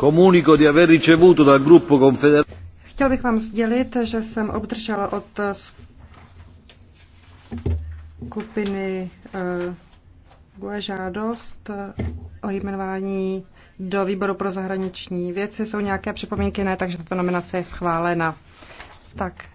Comunico di aver ricevuto dal gruppo Chtěl bych vám sdělit, že jsem obdržel od skupiny eh, GUE žádost eh, o jmenování do výboru pro zahraniční věci. Jsou nějaké připomínky? Ne, takže tato nominace je schválena. Tak